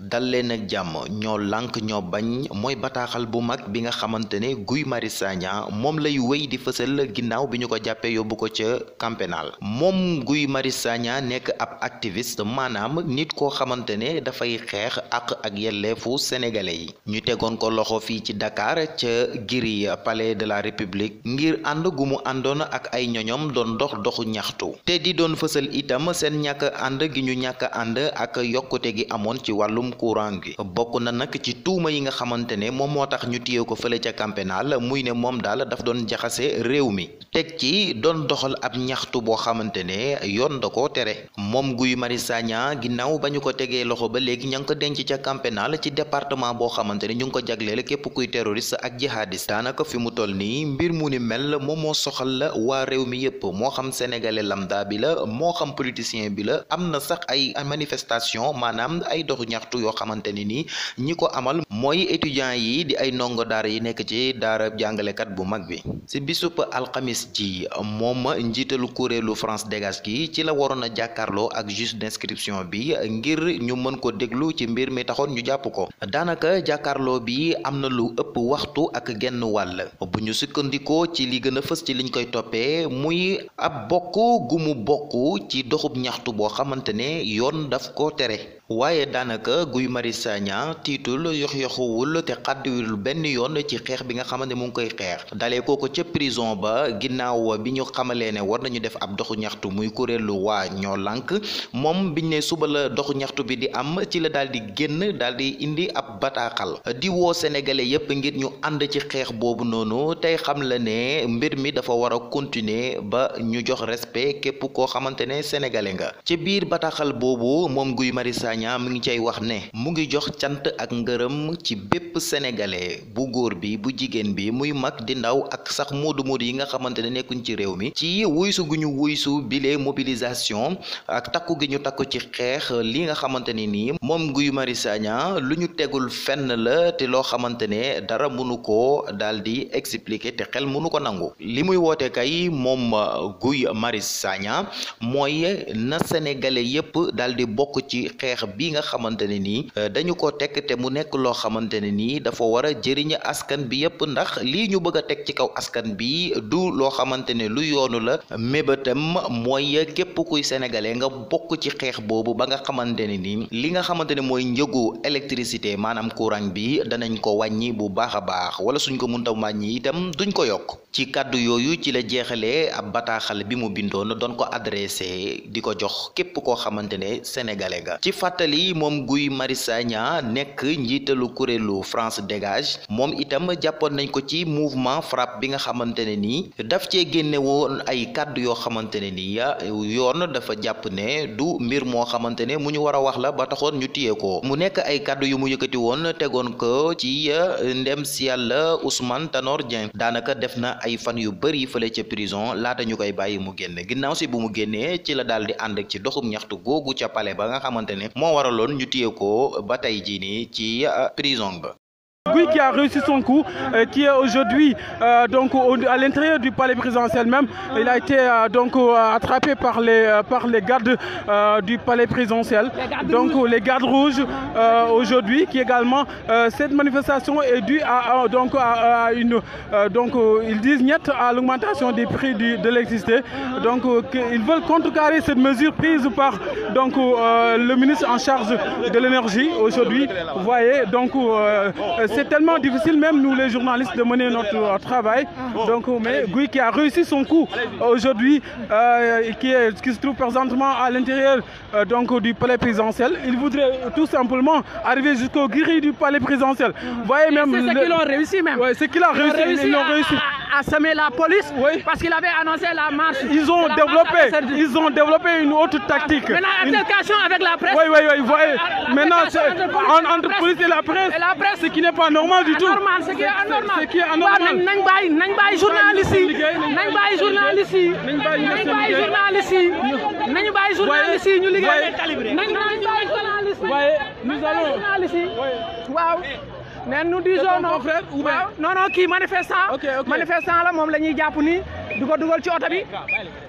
dal na ak jàmm ñoo lànk ñoo bañ mooy bataaxal bu mag bi nga xamante ne Guy Marius Sagna moom lay wéy di fësal ginnaaw bi ñu ko jàppee yóbbu ko ca camp moom Guy Marius Sagna nekk ab activist maanaam nit koo xamante ne dafay xeex àq ak yelleefu sénégalais yi ñu tegoon ko loxo fii ci dakaar ca giri palais de la République ngir ànd gu mu àndoon ak ay ñoñom doon dox doxu ñaxtu te di doon fësal itam seen ñàkk ànd gi ñu ñàkk ànd ak yokkute gi amoon ci wàllum wàllum courant gi bokk na nag ci tuuma yi nga xamante moom moo tax ñu téye ko fële ca camp pénal muy ne moom daal daf doon jaxase réew mi teg ci doon doxal ab ñaxtu boo xamante ne yoon da koo tere moom Guy Marius Sagna ginnaaw ba ñu ko tegee loxo ba léegi ña ngi ko denc ca camp pénal ci département boo xamante ne ñu ngi ko jagleel képp kuy terroriste ak jihadiste daanaka fi mu toll nii mbir mu ni mel moom moo soxal la waa réew mi yépp moo xam sénégalais lambda bi la moo yoo xamante ni nii ñi ko amal mooy étudiants yi di ay ndongo daara yi nekk ci daara jàngalekat bu mag bi si bisub alxamis ci moom njiitalu kuréelu France Dégage gi ci la waroon a jàkkaarloo ak juge d'inscription bi ngir ñu mën ko déglu ci mbir mi taxoon ñu jàpp ko daanaka jàkkaarloo bi am na lu ëpp waxtu ak genn wàll bu ñu sukkandikoo ci li gën a fës ci liñ koy toppee muy ab bokk gu mu bokk ci doxub ñaxtu boo xamante ne yoon daf ko tere waaye daanaka Guy Marius Sagna tiitul yox-yoxuwul te xàdduwul benn yoon ci xeex bi nga xamante ne mu ngi koy xeex dalee kooko ca prison ba ginnaaw bi ñu xamalee ne war nañu def ab doxu ñaxtu muy kuréelu waa ñoo lànk moom biñ ne suba la doxu ñaxtu bi di am ci la daal di génn daal di indi ab bataaxal di woo sénégalais yépp ngir ñu ànd ci xeex boobu noonu tey xam la ne mbir mi dafa war a continuer ba ñu jox respe képp koo xamante ne sénégalais nga ci biir bataaxal boobu Sagna mi ngi cay wax ne mu ngi jox cant ak ngërëm ci bépp sénégalais bu góor bi bu jigéen bi muy mag di ndaw ak sax moodu-moodu yi nga xamante ne nekkuñ ci réew mi ci wuysu gu ñu wuysu bile mobilisation ak takku gi ñu takku ci xeex li nga xamante ne nii moom Guy Marius Sagna lu ñu tegul fenn la te loo xamante ne dara mënu ko daal di expliquer te xel mënu ko nangu li muy woote kay moom Guy maris Sagna mooy na sénégalais yépp daal bokk ci xeex bi nga xamante ne nii euh, dañu ko teg te mu nekk loo xamante ne nii dafa war a jëriñ askan bi yépp ndax lii ñu bëgg a teg ci kaw askan bi du loo xamante ne lu yoonu la mébétam mooy képp kuy sénégalais nga bokk ci xeex boobu ba nga xamante ne nii li nga xamante ne mooy njëgu électricité maanaam courant bi danañ ko wàññi bu baax a baax wala suñ ko mun mënta wàññi itam duñ ko yokk ci kàddu yooyu ci la jeexalee ab bataaxal bi mu bindoon doon ko adressé di ko jox képp koo xamante ne sénégalais fàttali moom Guy Marius nekk njiitalu kuréelu France dégage moom itam jàppoon nañ ko ci mouvement FRAPP bi nga xamante ne nii daf cee génne ay kàddu yoo xamante ne nii yoon dafa jàpp ne du mbir moo xamante ne mu ñu war a wax la ba taxoon ñu téye ko mu nekk ay kàddu yu mu yëkkati woon tegoon ko ci ndem si yàlla Ousmane Tanor daanaka def na ay fan yu bëri fale ca prison laata ñu koy bàyyi mu génne ginnaaw si bu mu génnee ci la daal di ànd ak ci doxum ñaxtu googu ca ba nga xamante ne moo waraloon ñu téye ko ba tey jii nii ci euh, prison ba Guy qui a réussi son coup, et euh, qui est aujourd'hui euh, donc au, à l'intérieur du palais présidentiel même. Il a été euh, donc attrapé par les par les gardes du palais présidentiel. Les donc rouges. les gardes rouges aujourd'hui, qui également cette manifestation est du à, à donc à, à donc ils disent niet à l'augmentation des prix du, de l'électricité. Donc ils veulent contrecarrer cette mesure prise par le ministre en charge de l'énergie aujourd'hui. Vous voyez donc euh, c'est tellement difficile, même nous les journalistes, de mener notre, notre euh, travail. Ah. Donc, mais Guy qui a réussi son coup aujourd'hui, euh, qui, se trouve présentement à l'intérieur euh, donc du palais présidentiel, il voudrait euh, tout simplement arriver jusqu'au grilles du palais présidentiel. Ah. Voyez même. C'est ce le... qu'ils ont réussi même. Ouais, a semé la police oui. parce qu'il avait annoncé la marche. Ils ont, la développé, une autre tactique. Maintenant, altercation une... avec la presse. Oui, oui, oui. Voyez. À, à, maintenant, entre, police, entre presse, police et la presse. Et la presse. Ce qui n'est pas normal du anormal, tout. Ce qui est anormal. Ce qui est anormal. Nañ bàyyi nañ bàyyi journaliste yi. Nañ bàyyi journaliste yi. Nañ bàyyi journaliste yi. Nañ journaliste yi ñu liggéey. Nañ bàyyi journaliste yi. Waaye nous allons. Waaw. mais nous disons non frère ou bien non non kii manifestant la moom la ñuy jàpp ni du ko dugal ci oto bi